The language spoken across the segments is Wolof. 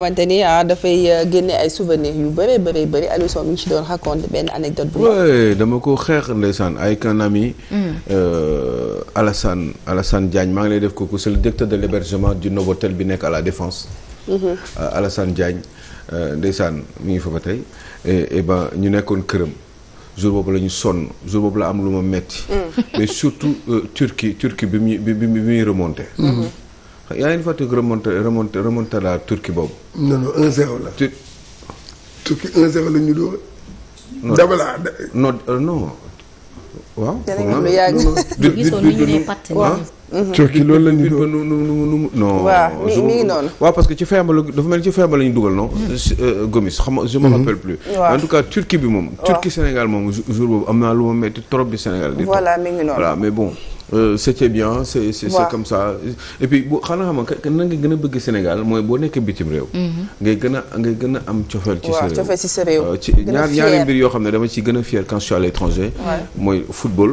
xamante ni ah dafay euh, génne ay souvenirs yu bëree bëri bëri Aliou Sow mi ngi ci doon raconte benn anecdote bu oui dama ko xeex ndeysaan avec un ami. Mm. Euh, Alassane Alassane maa ngi lay def kooku c'est le directeur de l'hébergement du Novotel bi nekk à la Défense. Mm-hmm. Euh, Alassane Diagne ndeysaan mi ngi fa ba tey et ñu nekkoon këram jour boobu la ñu sonn jour boobu la am lu ma metti mm. mais surtout Turquie Turquie bi muy bi y a une fatigue remonté remonté remonté la Turquie boobu. non non 1 la. tu Turquie 1-0 la ñu dóor. non loolu la ñu doon noonu. waaw parce que ci Femba la dafa mel ni ci Femba la ñu dugal non. Mm-hmm. Euh, Gomis xam je me mm-hmm. rappelle plus. en tout cas Turquie bi moom. Turquie Sénégal moom jour boobu am naa lu ma métti trop bi Sénégal. voilà mais bon. Euh, c'était bien c'est c'est comme ça et puis bu xanaa xam nga nan nga gën a bëgg Sénégal mooy boo nekkee bitim réew mhm. ngay gën a ngay gën a am cofeel ci sa réew ci euh, ñaar ñaari mbir yoo xam ne dama ci gën a fier quand je suis mooy football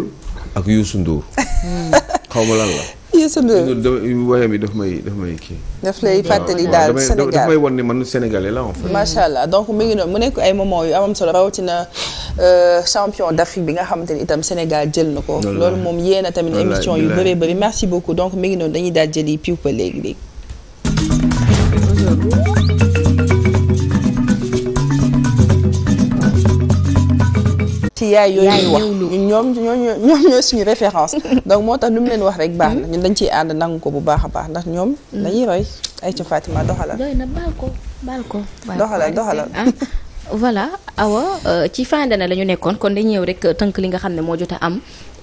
ak Youssou Ndour hmm. xaw ma lan la. Youssou Ndour wayam yi daf may daf may kii. daf lay fàttali daal Sénégal daf may wan ne man sénégalais la en fait. macha allah donc mu ngi noonu mu nekk ay moment yu amam solo rawatina euh, champion d'Afrique bi nga xamante ni itam Sénégal jël na ko. loolu moom yéena tamit émission yu bëree bëri merci beaucoup donc mu ngi noonu dañuy daal jëli piw ba léegi léegi. ci yaay yooyu ñuy wax ñoom ñoom suñu référence donc moo tax lu mu leen wax rek baax na mm-hmm. ñun dañ ciy ànd nangu ko bu baax a baax ndax ñoom mm-hmm. dañuy roy ay ca Fatima doxalal doy na baal ko baal ko doxalal doxalal ah. voilà euh, ci fin d'année la nekkoon kon dañ ñëw rek euh, tënk li nga xam ne moo jot a am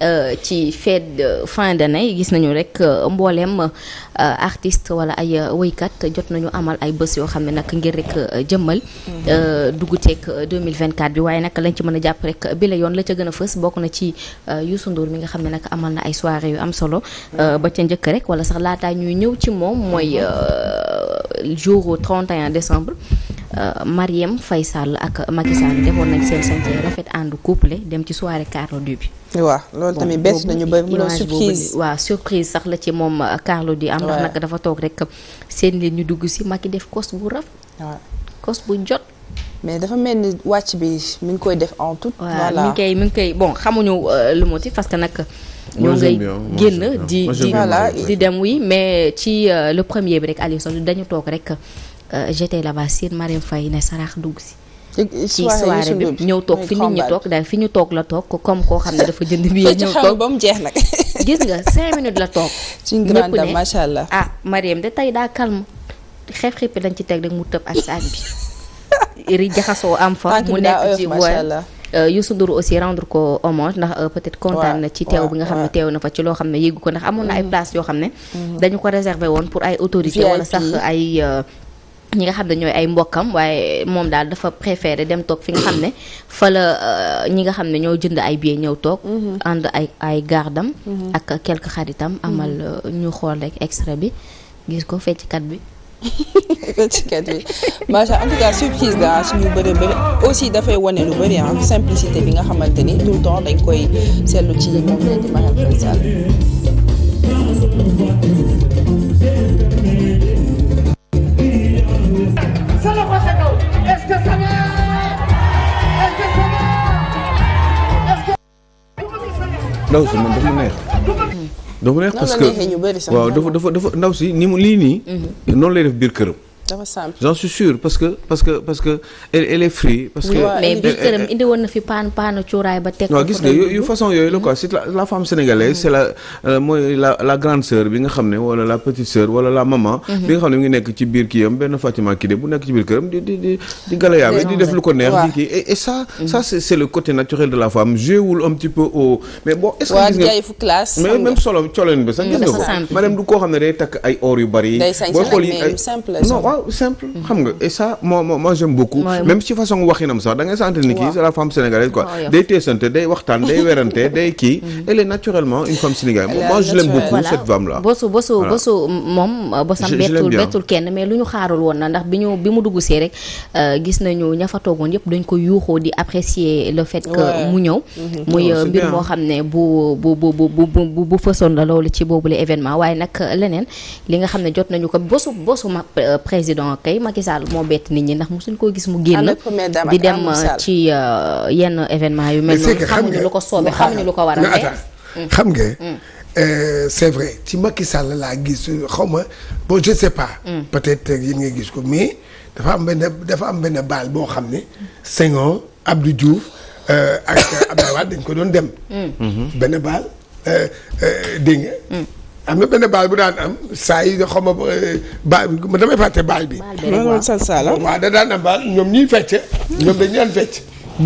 Euh, ci fête fin d'année gis nañu rek euh, mbooleem euh, artiste wala ay woykat jot nañu amal ay bés yoo xam ne nag ngir rek jëmmal dugg teeg 2024 bi waaye nag lañ ci mën a jàpp rek bi yoon la ca gën a fës bokk na ci Youssou Ndour mi nga xam ne nag amal na ay soirée yu am solo ba ca njëkk rek wala sax laataa ñuy ñëw ci moom mooy mhm. jour 31 décembre Euh, Marième Faye Sall ak Macky Sall defoon nañ seen sant rafet ànd couple dem ci soirée Carlou D bi. waaw loolu tamit bett nañu ba mu surprise waaw sax la ci moom euh, Carlou D am dafa toog rek seen leen ñu dugg si Macky def kos bu raf. waaw kos bu jot. mais dafa mel ni wàcc bi mi ngi koy def en tout. voilà mi ngi koy mi ngi koy bon xamuñu euh, lu motif parce que nag. ñoo ngay génn di di di dem wi mais ci le premier bi rek Aliou Sow dañu toog rek. Euh, j'étais là-bas Sine Marème Faye ne sarax dugg si. ci soirée bi ñëw toog fi nit ñi toog daal fi ñu toog la toog comme koo xam ne dafa jënd bi ñëw toog ba mu jeex nag. gis nga cinq minutes la toog. suñu grande dame macha allah ah Marème de tey daa calme xeeb xeeb dañ ci teg rek mu tëb ak saag bi. jaxasoo am fa mu nekk ci voie. Euh, Youssou Ndour aussi rendre ko hommage ndax euh, peut-être kontaan na ci teew bi nga xam ne teew na fa ci loo xam ne yëgu ko ndax amoon na ay mm-hmm. place yoo xam ne mm-hmm. dañu ko réserver woon pour ay autorités wala sax ay ñi nga xam ne ñooy ay mbokkam waaye moom daal dafa préféré dem toog fi nga xam ne fala la euh, ñi nga xam ne ñoo jënd ay billets ñëw toog. Mm-hmm. ànd ay ay gardam mm-hmm. ak quelque xaritam amal mm-hmm. euh, ñu xool rek extrait bi gis ko fecckat bi. bi macha en surprise la suñu bëri bëri aussi dafay wane lu bëri ah simplicité bi nga xamante ni tout le temps dañ koy seetlu ci moom la di Marième Faye Sall Est-ce ndaw si man dafa neex. dafa neex parce que waaw dafa dafa dafa ndaw si ni mu lii nii. noonu lay def biir këram. dafa simple suis sûr parce que parce que parce que elle est free. parce que mais biir këram indi na fi paan paanu cuuraay ba teg. waaw gis nga yu façon yooyu la quoi hmm. c'est la femme sénégalaise c'est la euh, mooy la la grande sœur bi nga xam ne wala la petite sœur wala la maman. Hmm. bi nga xam ne mu ngi nekk ci biir kii am benn Fatima Kide bu nekk ci biir këram di di di di galayaame di def lu ko neex. di kii et ça hmm. ça c'est c'est le côté naturel de la femme jéewul un petit solo colin bi sax gis koo xam ne day takk ay or yu bari. day sañ non waaw waaw simple. Mhm. xam nga et ça moi moi j'aime ci façon waxinam sax da ngay sentir ni kii c'est la femme sénégalaise quoi. day teesante day waxtaan day werante day kii. Mhm. elle naturellement une femme sénégalaise. moi bosu bosu moom. Euh, bosam bettul kenn mais lu ñu xaarul woon na ndax bi ñu bi mu dugg see rek euh, gis nañu ña yëpp dañ ko yuuxoo di apprécier le fait que mu ñëw. Mhm. Euh, mbir moo xam ne bu bu bu bu bu bu fësoon la loolu ci boobule événement waaye nag leneen li nga xam ne jot président kay Macky Sall moo bett nit ñi ndax mosuñ koo gis mu génn di dem ci euh, yenn événement yu mel noonu ko soobee xamuñu mm. xam nga mm. euh, c'est vrai ci Macky Sall laa gis xaw ma boo je sais pas mm. peut-être yéen nga gis ko mais dafa am benn dafa am benn baal boo xam ne Senghor Abdou Diouf euh, ak Abdoulaye Wade dañ ko doon dem benn baal dégg am na benn baal bu daan am saa yi xaw ma eh, baal ma damay fàtte baal bi. baal bi waaw da daan am baal ñoom ñuy fecc. ñoom dañu daan fecc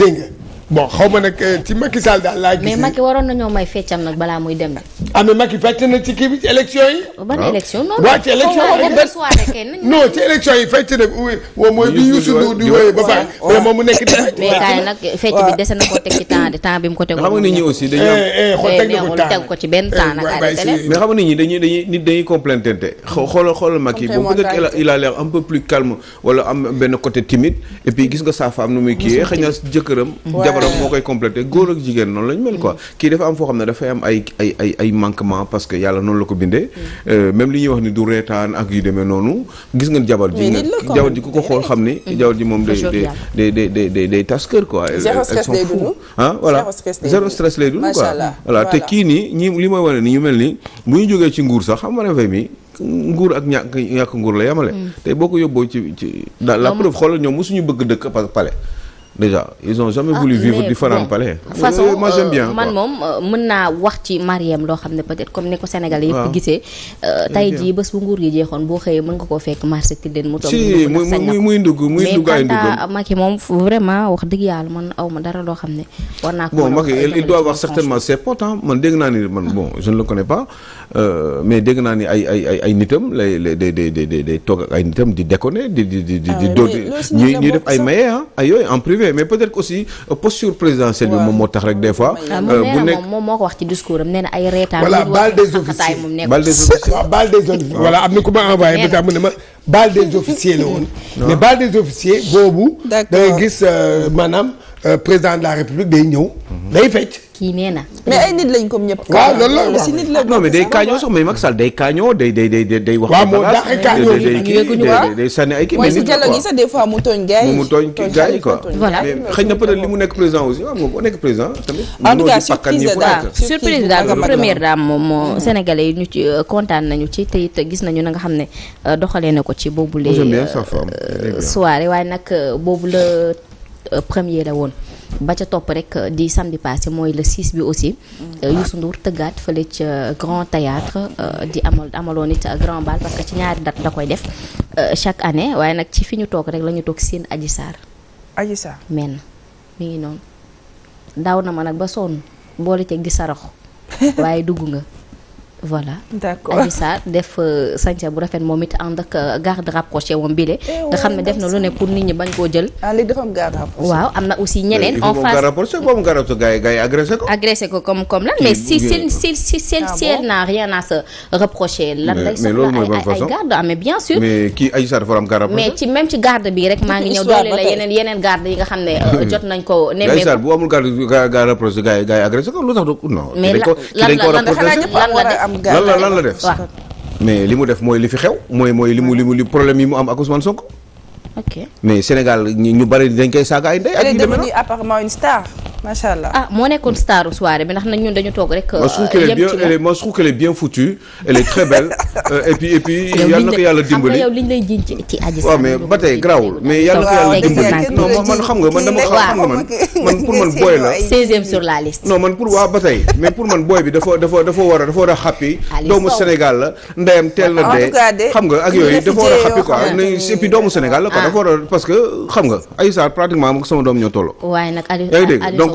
dégg nga. bon xaw ma nag eh, ci Macky Sall daal laa gis. mais Macky waroon nañoo may feccam nag balaa muy dem nag. ah mais Macky fecc na ci kii bi ci élection yi. ban ah. élection non non yi fecc na woo mooy bi Youssou Ndour di wooyee ba oh. nag fecc bi dese na ko de temps bi mu ko tegul. xam nga nit ñi aussi dañuy am eh, eh, xool ko ci benn temps nag. mais xam nit ñi dañuy dañuy nit dañuy complaintante. xoolal xoolal Macky moom peut a l'air un peu plus calme wala am benn côté timide et gis nga sa femme nu muy kii xëy na jëkkëram jabaram moo koy complété góor ak jigéen noonu lañ mel quoi kii dafa am foo xam ne dafay am ay ay ay ay manquement parce que yàlla noonu la ko bindee mm. euh, même li ñuy wax ni du reetaan ak yu demee noonu gis ngeen jabar ji nga jabar ji ku ko xool xam ni mm-hmm. jabar ji moom day day day day day day tas kër quoi ah voilà zéro stress lay dund quoi voilà te kii nii ñii li mooy wane ni ñu mel ni mu ñu jógee ci nguur sax xam nga ne mi nguur ak ñàkk ñàkk nguur la yamale mm. tey boo ko yóbboo ci ci la preuve xoolal ñoom mosuñu bëgg dëkk parce que palais déjà ils ont jamais ah, voulu vivre différents palais. façon moi j'aime euh, bien man moom euh, mën naa wax ci Mariem loo xam ne peut-être comme ni ko Sénégal yëpp gisee. Euh, tey jii bés bu nguur gi jeexoon boo xëyee mën nga koo fekk marché Tilène mu toog. si muy muy muy ndugg ay ndugg. mais Macky moom vraiment wax dëgg yàlla man aw ma dara loo xam ne war naa ko. ma Macky il doit avoir certainement ses potes man dégg naa ni man bon je ne le connais pas mais dégg naa ni ay ay ay ay nitam lay lay day day day toog ak ay nitam di déconner di di di di. Ah mais peut-être aussi euh, posture présidentielle bi moom moo tax rek des fois. Ah, euh, bu moom moo ko wax ci discours am nee ay reetaan. voilà des officiers bal des officiers waaw am na ku ma envoyé ma bal des officiers la woon. mais des officiers boobu. da gis euh, maanaam. Euh, président de la république day ñëw. day fecc. kii nee na. mais ay nit lañ comme ñëpp. waaw loolu la si mais day kaañoo sax mais Macky Sall day kaañoo day day day day. wax waaw moo dàqee mu tooñ gars mu tooñ gars yi quoi. voilà mais xëy na peut li mu nekk président aussi waaw moom boo nekk président tamit. en tout cas surprise première dame moom moo sénégalais yi ñu ci euh, kontaan nañu ci te gis nañu nanga xam ne euh, doxalee ne ko ci boobu la soirée waaye nag boobu la Euh, premier la woon ba ca topp rek euh, di samedi passé mooy le 6 bi aussi euh, mm. Youssou Ndour tëggaat fële ca Grand Théâtre di amal amaloon it Grand Bal parce que ci ñaari date la koy def chaque année waaye nag ci fi ñu toog rek la ñu toog seen Adji Sarr Adji Sarr men ngi noonu daaw na ma nag ba sonn boole ceeg di sarax waaye dugg nga voilà d'accord Adji Sarr def euh, bu rafet moom it ànd ak euh, garde rapproché wam bile eh nga xam ne def na lu ne pour nit ñi bañ koo jël ah léegi dafa am waaw am na aussi ñeneen en face garde rapproché boobu garde rapproché gars yi gars ko agressé ko comme comme mais si si si si ah si elle n'a rien à se reprocher lan lay soxla ay garde ah mais bien sûr mais kii Adji Sarr mais ci même ci garde bi rek maa ngi ñëw doole yeneen yeneen yi nga xam ne euh, jot nañ ko nemmee bu amul garde garde rapproché gars yi gars lan lan am. lan la lan la def mais li mu def mooy li fi xew mooy mooy li mu li mu li problème yi mu am ak Ousmane Sonko. ok mais Sénégal ñu bari dañ koy saaga ay de ak yu demee noonu apparemment une macha allah ah moo nekkoon staru soirée bi ndax nag ñun dañu toog rek. yem ci la moi je trouve euh, bien foutue elle est très belle euh, yal na ko yàlla dimbali yow lay jiñ ci ba tey garaawul mais yal na ko yàlla dimbali non man xam nga man dama xam nga man man pour man booy la. 16e sur la liste. non man pour waa ba tey mais pour man booy bi dafa dafa war a dafa a xàppi. doomu Sénégal la ndeyam teel na dee. xam nga ak yooyu dafa war a xàppi quoi et puis doomu Sénégal la quoi ah. dafa war a parce que xam nga ay Sarr pratiquement sama doom ñoo tolloo. waaye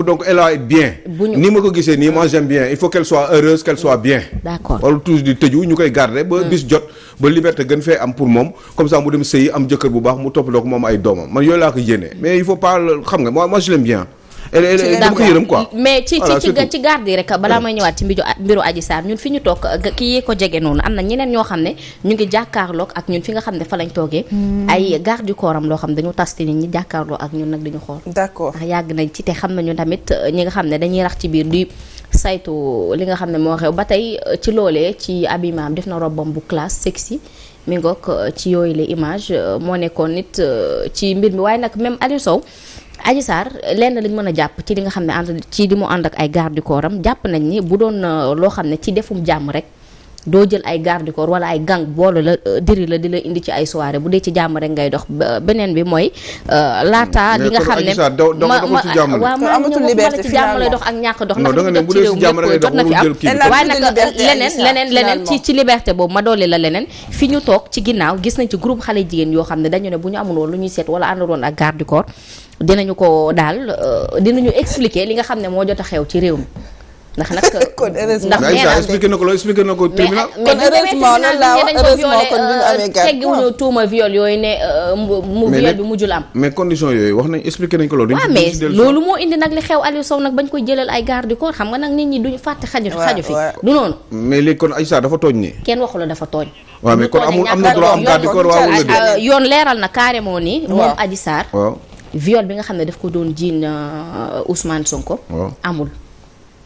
donc donc elle a bien. ni ma ko gisee nii moi j'aime bien il faut qu'elle soit heureuse qu'elle soit bien. d'accord wala toujours di tëju ñu koy garder ba hmm. bis jot. ba liberté gën fee am pour moom comme ça mu dem sëyi am jëkkër bu baax mu topp donc moom ay doomam man yooyu laa ko yéene mais il faut pas xam nga moo moi je bien. dama ko yërëm quoi mais ci ci garde yi rek balaa may ñëwaat ci mbiru mbiru Adji Sarr ñun fi ñu toog kii yee ko jege noonu am na ñeneen ñoo xam ne ñu ngi jàkkaarloog ak ñun fi nga xam ne fa lañ toogee hmm. ay garde du corps loo xam ne dañu tasti nit ñi jàkkaarloo ak ñun nag dañu xool d'accord ah, yàgg nañ ci te xam nañu tamit euh, ñi nga xam ne dañuy rax ci biir di saytu li nga xam ne moo xew ba tey euh, ci loolee ci abimaam def na robam bu classe sexy mi ngoog euh, ci yooyu les image moo nekkoon nit ci mbir mi waaye nag même Aliou Sow Adji Sarr lenn lañ mën a jàpp ci li nga xam ne ànd ci li mu ànd ay garde jàpp nañ ni bu doon euh, loo xam ne ci defum jàmm rek doo jël ay wala ay gang boole la euh, diri la di la indi ci ay soirée bu dee ci jàmm rek ngay dox beneen bi mooy euh, laata hmm. li nga xam ne waaw ma la ci jàmm lay dox ak ñàkk dox ndax jot na fi am waaye nag leneen leneen leneen ci ci liberté boobu ma doole la leneen fi ñu toog ci ginnaaw gis nañ ci group xale jigéen yoo xam ne dañu ne bu ñu amul woon lu ñuy seet wala àndoon ak garde du corps dinañu ko daal euh, dinañu expliquer li nga xam ne moo jot a xew ci réew mi. ndax nag kon heureusement ndax nee naa expliqué na ko loolu expliqué na ko tribunal. kon heureusement lan laa wax heureusement kon duñu euh, amee gàtt teggiwuñu tuuma viol yooyu ne euh, mu viol bi mujjul am. mais condition yooyu wax nañ expliqué nañ ko loolu. waaw mais loolu moo indi nag li xew Aliou Sow nag bañ koy jëlal ay garde du xam nga nag nit ñi duñu fàtte xaju xaju fi du noonu. mais léegi kon Aïssa dafa tooñ kenn waxula dafa tooñ. waaw mais kon amul am na yoon leeral na carrément ni moom viol bi nga xam ne daf ko doon jiin euh, Ousmane Sonko. amul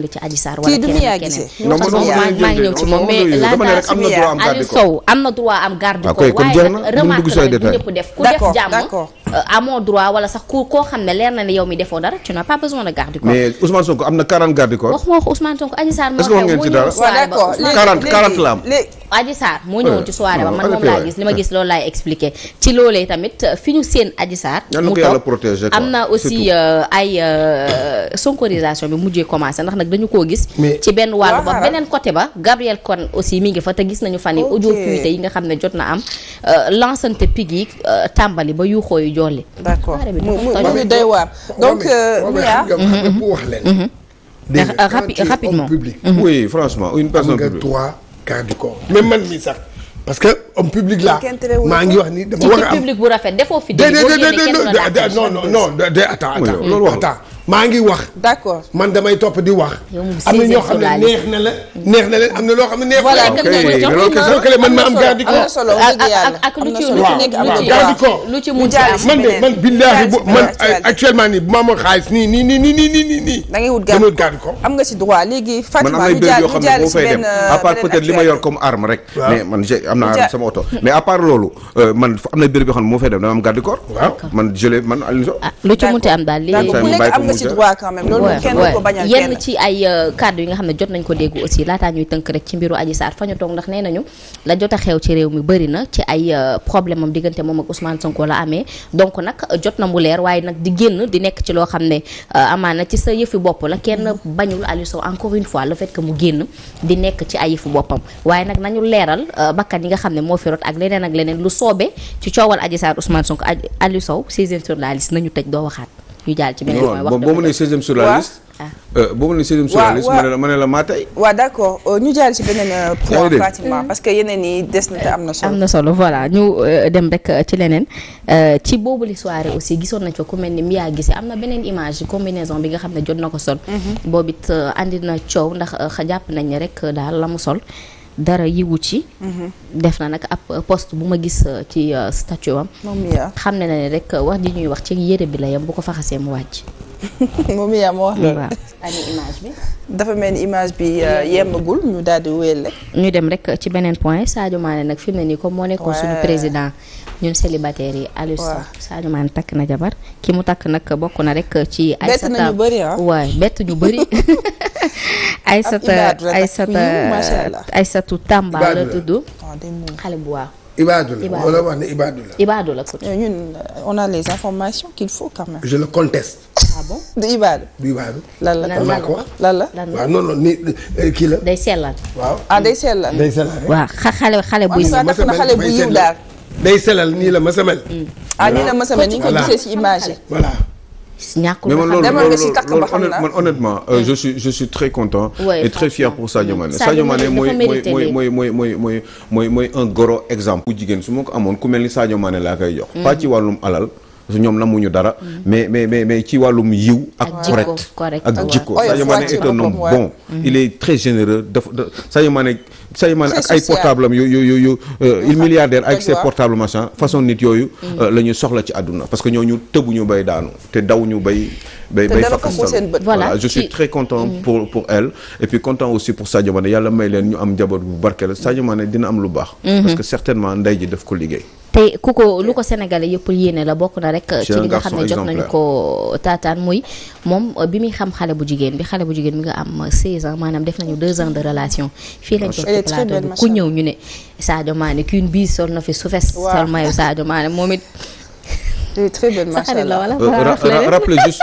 jëmale ci Adji Sarr wala keneen keneen maa ngi ñëw ci moom mais laata Aliou Sow am na droit am garde ah, corps waaye nag remarque la ñëpp def ku def jàmm Euh, amoo droit wala sax ku koo xam ne leer na ne yow mi defoo dara ci n'as pas besoin de garde du na 40 garde du corps. waxuma ko Ousmane Sonko Adji Sarr moo moo ñëw soirée ba gis li ma gis loolu laay expliqué ci loolee tamit euh, fi ñu seen Adji Sarr mu toog am na aussi euh, ay sonkorisation bi mujjee commencé ndax nag dañu koo gis ci benn wàllu ba beneen côté ba Gabriel Kon aussi mi ngi fa te gis nañu fan yi audio te yi nga xam ne jot na am lancante pig yi tàmbali ba yuuxoo yu jolli. d'accord muy doy waar donc. Euh, Mia wax leen. Mm-hmm. Mm-hmm. dégg nga rapidement public. Mm-hmm. oui franchement une personne publique am nga trois quarts du corps même man mii sax. parce que homme public laa maa ngi wax ni dama war a am public bu rafet defoo fi. déedéet déedéet non non non attends attends loolu wax maa ngi wax. d'accord man damay topp di wax. am na ñoo xam ne neex na la. neex na leen am na loo xam ne neex na la. voilà man ma am garde corps. am na solo ak lu ci lu ci lu ci am man de man billaahi bu man actuellement nii bu ma amoon xaalis nii nii nii nii nii nii nii. da ngay wut garde corps am nga ci droit léegi Fatima ñu jaar ñu jaar ci benn benn à part peut-être li ma yor comme arme rek. mais man j' am naa arme sama oto. mais à part loolu euh, man am na béréb yoo xam ne moo fay dem dama am garde corps. waaw man jëlee man Alioune Sow. Ah, lu ci munti am daal léegi ci droit quand même loolu yenn ci ay euh, kàddu yi nga xam ne jot nañ ko déggu aussi laataa ñuy tënk rek ci mbiru Adji Sarr fa ñu toog ndax nee nañu la jot a xew ci réew mi bëri na ci ay euh, problème diggante moom ak Ousmane Sonko la amee donc nag jot na mu leer waaye nag di génn di nekk ci loo xam ne euh, amaan na ci sa yëfi bopp la kenn bañul Aliou Sow encore une fois le fait mu génn di nekk ci ay yëfi boppam waaye nag nañu leeral bakkan yi nga xam ne moo fi rot ak leneen ak leneen lu soobee ci coowal Adji Sarr Ousmane Sonko Aliou Sow sixième sur la liste nañu tëj doo ñu jàll ci beneen mooy wax dëgg boo ah. euh, ma nee ne la ma ne la maa euh, ñu jàll ci beneen euh, point pratiquement parce que yeneen yi des na te am na solo. am na solo voilà ñu dem rek ci leneen ci boobu li soirée aussi gisoon na ci ku mel ni am na beneen image combinaison bi nga xam ne jot na ko sol. Mhm. boobu it andi na coow ndax jàpp nañ ne rek daal la mu sol. dara yiwu ci. Mm-hmm. def na nag ab post bu ma gis euh, ci euh, statut am. xam ne na ne rek euh, wax ji ñuy wax ci yére bi la yam bu ko faxasee mu wàcc. moom yaa ma wax loolu. dafa mel ni image bi euh, yemagul ñu daal di wéyal rek. dem rek ci beneen point Sadio Mané nag fi mu ne moo nekkoon suñu président ñun célibataire yi. waaw Aliou Sadio takk na jabar ki mu takk nag bokk na rek ci. ay sata bett na ñu bëri ah. waay bett bu waaw. la wala ñun euh, on a les informations qu'il faut quand même. je le bon du ibaadu. du ibaadu. la lan la ko kii la. day sellal. waaw ah day sellal. day eh. waaw xale xale buy. masamel na xale bu yiw daal. day sellal nii la masamel. Mm. ah nii la masamel ni nga ko gisee ci image yi. voilà. ñàkkul man honnêtement euh, mm. je suis je suis très content. et très fier pour Sadio Mané. Sadio Mané mooy mooy mooy un gros exemple. Mm. bu jigéen su ma ko amoon ku mel ni Sadio laa koy jox. pas ci wàllum alal. parce que ñoom ñu dara. Mm-hmm. mais mais mais mais ci wàllum yiw. ak correct ak jikko oh, Sadio Mané est un homme bon. Mm-hmm. il est très généreux dafa da Sadio ak ay portable am yu yu yu euh, ak ses portable machin façon nit yooyu. Mm-hmm. Euh, la ñu soxla ci àdduna parce que ñoo ñu ñooñu tëbuñu bay daanu te dawuñu bay. bay bay fakk voilà je suis très content pour pour elle. et puis content aussi pour Sadio Mané yàlla may leen ñu am njaboot bu barkeel Sadio Mané dina am lu baax. parce que certainement ndey ko liggéey. te ku ko lu ko sénégalais yëpp yéene la bokk na rek ci li nga xam ne jot nañu ko taataan muy moom euh, bi muy xam xale bu jigéen bi xale bu jigéen bi nga am 16 ans maanaam def nañu 2 ans de relation fii lañ toog plateau bi ku ñëw ñu ne Sadio maane kune bii sol na fi su fes sol mayo Sadio maane moom it oui très bien macha allah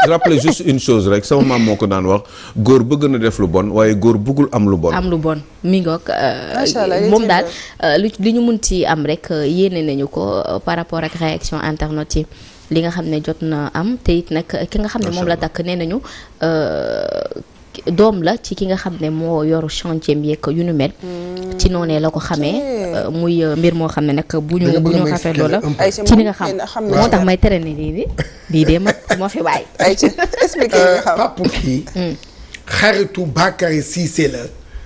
rappelez juste une chose rek sama maam moo ko daan wax góor bëgg na def lu bon waaye góor bëggul am lu bon. am lu bon mi ngoog. Euh, moom daal euh, li ñu mun ci am rek euh, yéene nañu ko par rapport ak réaction internet yi. li nga xam ne jot na am te it nag ki nga xam ne moom la takk nee nañu doom la ci ki nga xam ne moo yoru chantier bi yu nu mel. Hmm. ci noonee la ko xamee. Euh, muy euh, mbir moo xam ne nag bu ñu bu ñu xafee la ci li nga xam moo tax may tere ne lii di lii de ma moo fi bàyyi. ayca expliqué euh, nga xam papa kii. Hmm. xaritu Bakary Cissé la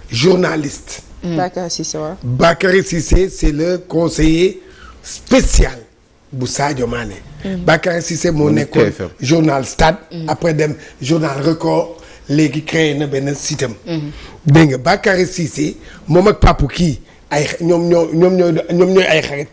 journaliste. Hmm. Bakary Cissé waaw. Bakary Cissé c'est le conseiller spécial bu Sadio Mané. Bakary journal Stade. après dem journal Record. léegi créé na benn sitam mhm. dégg nga Bakary Cissé moom ak papu kii ay ñoom ñoo ñoom ñooy ay xarit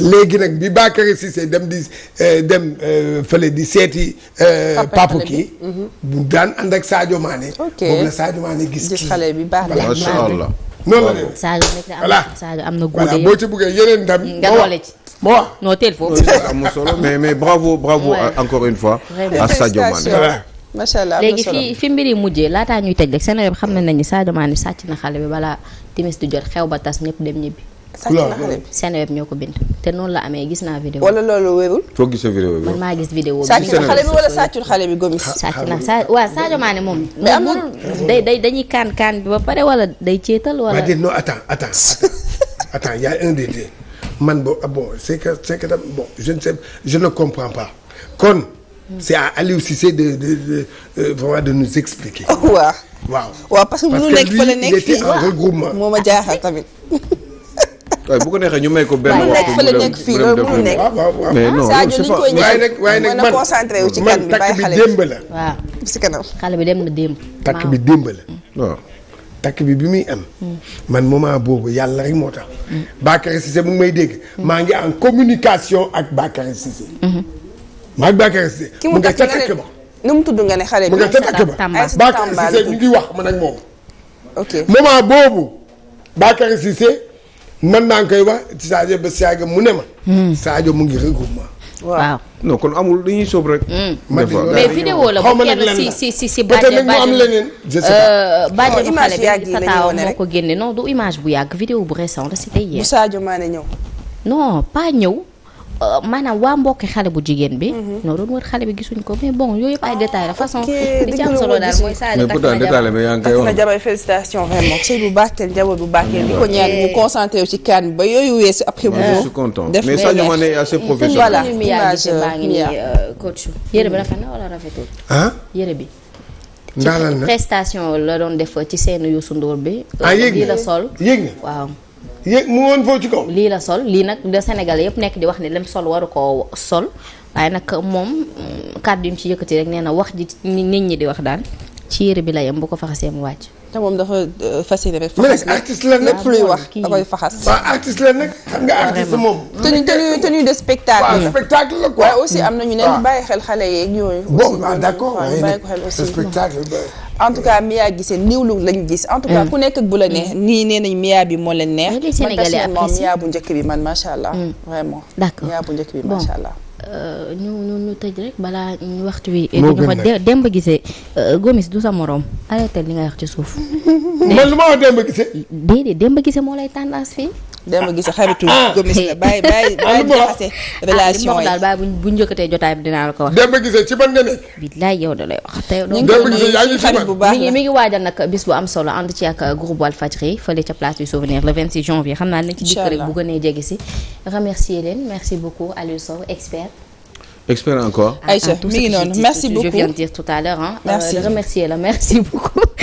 léegi nag bi Bakary Cissé dem di euh, dem euh, fale di seeti euh, papu kii mhm. bu daan ànd ak Sadio Mané moom la Sadio gis kii xale bi baax na macha allah noonu la de Sadio na Sadio am na góode boo ci buggee yeneen ndam mm, nga boole ci moo wax solo mais mais bravo bravo encore une fois à Sadio macha allah léegi fi fi mbir yi mujjee laataa ñuy tëj rek Sénégal xam ne nañ ne Sadio Mané sàcc na xale bi balaa timis du jot xew ba tas ñëpp dem ñibbi. sàcc na xale bi ñoo ko bind te noonu la amee gis naa vidéo wala loolu wérul foo gisee vidéo bi man maa gis vidéo bi sàcc na xale bi wala sàccul xale bi gomis sàcc na sa waaw Sadio Mané moom day day dañuy kaan kaan bi ba pare wala day ceetal wala dé non attends attends attends y a un des deux man bo ah, bon c'est que c'est c'est à Aliou Cissé de de de de, euh, de nous expliquer. Oh, waaw. waaw waaw parce que mënu nekk fële nekk fii parce que lui il était en regroupement. moo ma jaaxal tamit. waaye bu ko neexee ñu may ko benn waxtu mu dem mu dem mais non c'est pas waaye nag waaye nag man man takk bi démb la. waaw si kanam xale bi dem na démb. takk bi démb la. Hmm. waaw takk bi bi muy am. Hmm. man moment boobu yàlla rek moo tax. Bakary Cissé mu ngi may dégg. maa ngi en communication ak Bakary Cissé. Hmm. maa ngi Bakary Cissé mu nga ca takk ba nu mu tudd nga ne xale bi mu nga ca takk ba Bakary Cissé ñu ngi wax man ak moom ok moment boobu Bakary Cissé man naa koy wax ci Sadio ba Sadio mu ne ma hmm. Sadio mu ngi regroupement waaw non kon amul dañuy sóob rek. ma hmm. mais vidéo la bu kenn si si si si bàjjë bàjjë euh, oh, xale bi tataaw moo ko génne non du image bu yàgg vidéo bu récent la c'était hier. bu Sadio Mané ñëw. non pas ñëw. Euh, maanaam waa mbokki xale bu jigéen bi. Mhm. ñoo wër xale bi gisuñ ko mais bon yooyu yëpp ay détails la façon. li ci solo daal mooy Sadio takk na jabar mais pourtant na jabar bu baax teel njaboot kan ba yooyu weesu après. mu je suis content mais Sadio Mané est assez professionnel. voilà image euh, mi euh, bi rafet na wala rafetul. ah yére bi. na prestation la doon def ci seen Youssou Ndour bi. ah la sol waaw. yéeg lii la sol lii nag de Sénégal yëpp nekk di wax ne lem sol waru koo sol waaye nag moom mm, kàddu yum ci yëkkati rek nee na wax ji nit ñi di wax daal ci yére bi la yem bu ko faxasee mu wàcc. te moom dafa euh, fasciné rek. faxas mais artiste la nag wax da koy faxas. waaw artiste la nag xam nga artiste moom. tenue tenue tenue de spectacle la spectacle aussi am nañu ñu ne bàyyi xel xale yeeg yooyu. bon ah d'accord ko xel aussi en tout cas Mia Guissé niw lu lañu gis. en tout cas mm. ku nekk bu la neex. Mm. nii nee nañ Mia bi moo leen neex. man personnellement Mia bu njëkk bi man macha allah. Mm. vraiment. d'accord bu njëkk bi macha allah. Euh, ñu ñu ñu tëj rek balaa ñu waxtu wi. moo gën nag Demb Guissé euh, Gomis du sa morom arrêté li nga wax ci suuf. man lu ma wax Demb Guissé. déedéet Demb Guissé moo lay tendance fii. dama gis xaritu commissaire bàyyi bàyyi ah, bàyyi jaxase relation ah, yi bu njëkkatee jotaay bi dinaa la ko wax dama gisee ci ban nga nekk bilaay yow da lay wax tey dama gisee mi ngi mi waajal nag bis bu am solo ànd ci ak groupe Walfadjri fële ca place du souvenir le 26 janvier xam naa nañ ci dikk rek bu gënee jege si remercier leen merci beaucoup Aliou Sow expert expert encore Aïcha mi ngi noonu euh, la merci beaucoup